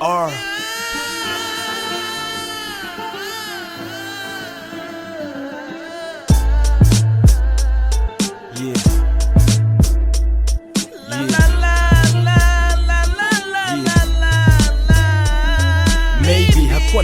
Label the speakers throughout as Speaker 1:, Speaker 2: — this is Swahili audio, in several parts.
Speaker 1: are.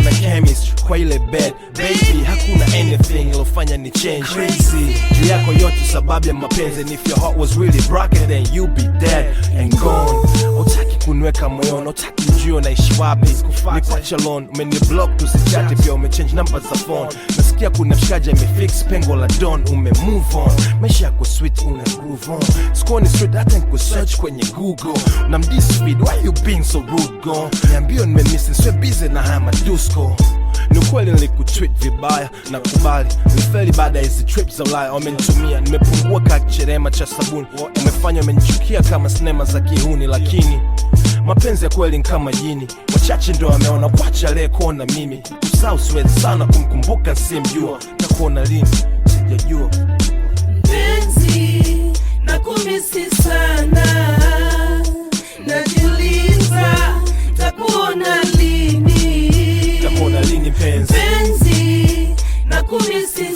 Speaker 1: na chemistry kwa ile bed baby hakuna anything ilofanya ni change crazy juu yako yote sababu ya mapenzi and if your heart was really broken then you be dead and gone utaki kunweka moyoni utaki sio naishi wapi, nikuacha lon, umeniblock tusichate, pia umechange namba za phone. Nasikia kuna shaja imefix pengo la don, umemove on, maisha yako sweet, una groove on, sikuoni street hata nikusearch kwenye Google, na mdis speed, why you being so rude go, niambio nimemiss, nisiwe busy na haya madusko ni ukweli nilikutweet vibaya na kubali nifeli baada ya hizi trip za ulaya wamenitumia nimepungua kacherema cha sabuni wamefanya wamenichukia kama sinema za kihuni lakini Mapenzi ya kweli kama jini, wachache ndo ameona kwacha aliyekuona mimi. Usahau siwezi sana kumkumbuka simjua, kuona lini sijajua.
Speaker 2: Mpenzi kumisi sana, najiuliza takuona lini,
Speaker 1: takuona lini mpenzi,
Speaker 2: mpenzi nakumisi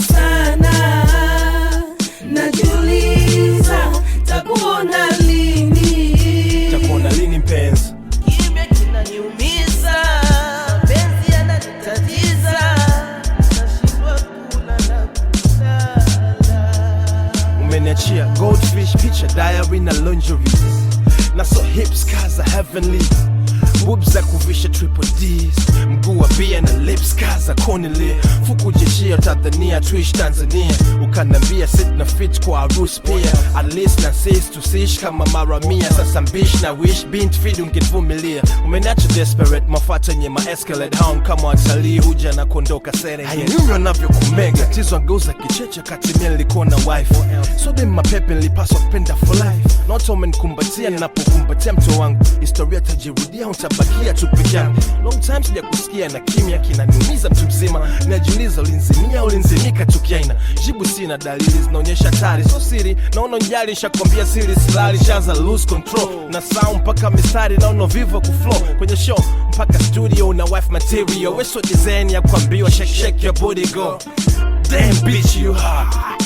Speaker 1: a chair, goldfish, picture diary in a lingerie. Now so hips, cars are heavenly. Boob za kuvisha triple D's, mguu wa bia na lips kaza konile fuku jeshia Tanzania tuish Tanzania, ukanambia sit na fit kwa arus pia at least na sis tusish kama mara mia. Sasa mbish na wish bint feed ungevumilia, umenacho desperate mafata nye ma escalate haun kama watalii huja na kuondoka Serengeti, nyumba navyokumega tizwa ngeuza kicheche kati mimi nilikuwa na wife so dem mapepe nilipaswa kupenda for life not woman kumbatia, ninapokumbatia mto wangu historia tajirudia uta nitabakia tu peke Long time sija kusikia na kimya kinaniumiza mtu mzima. Najiuliza ulinzimia ulinzimika tukiaina, jibu sina, dalili zinaonyesha hatari, so siri naona njali, nishakwambia siri silali, shaza lose control na sound mpaka mistari naona vivo kuflow kwenye show mpaka studio na wife material, weso design ya kuambiwa shake shake your booty go damn bitch you hot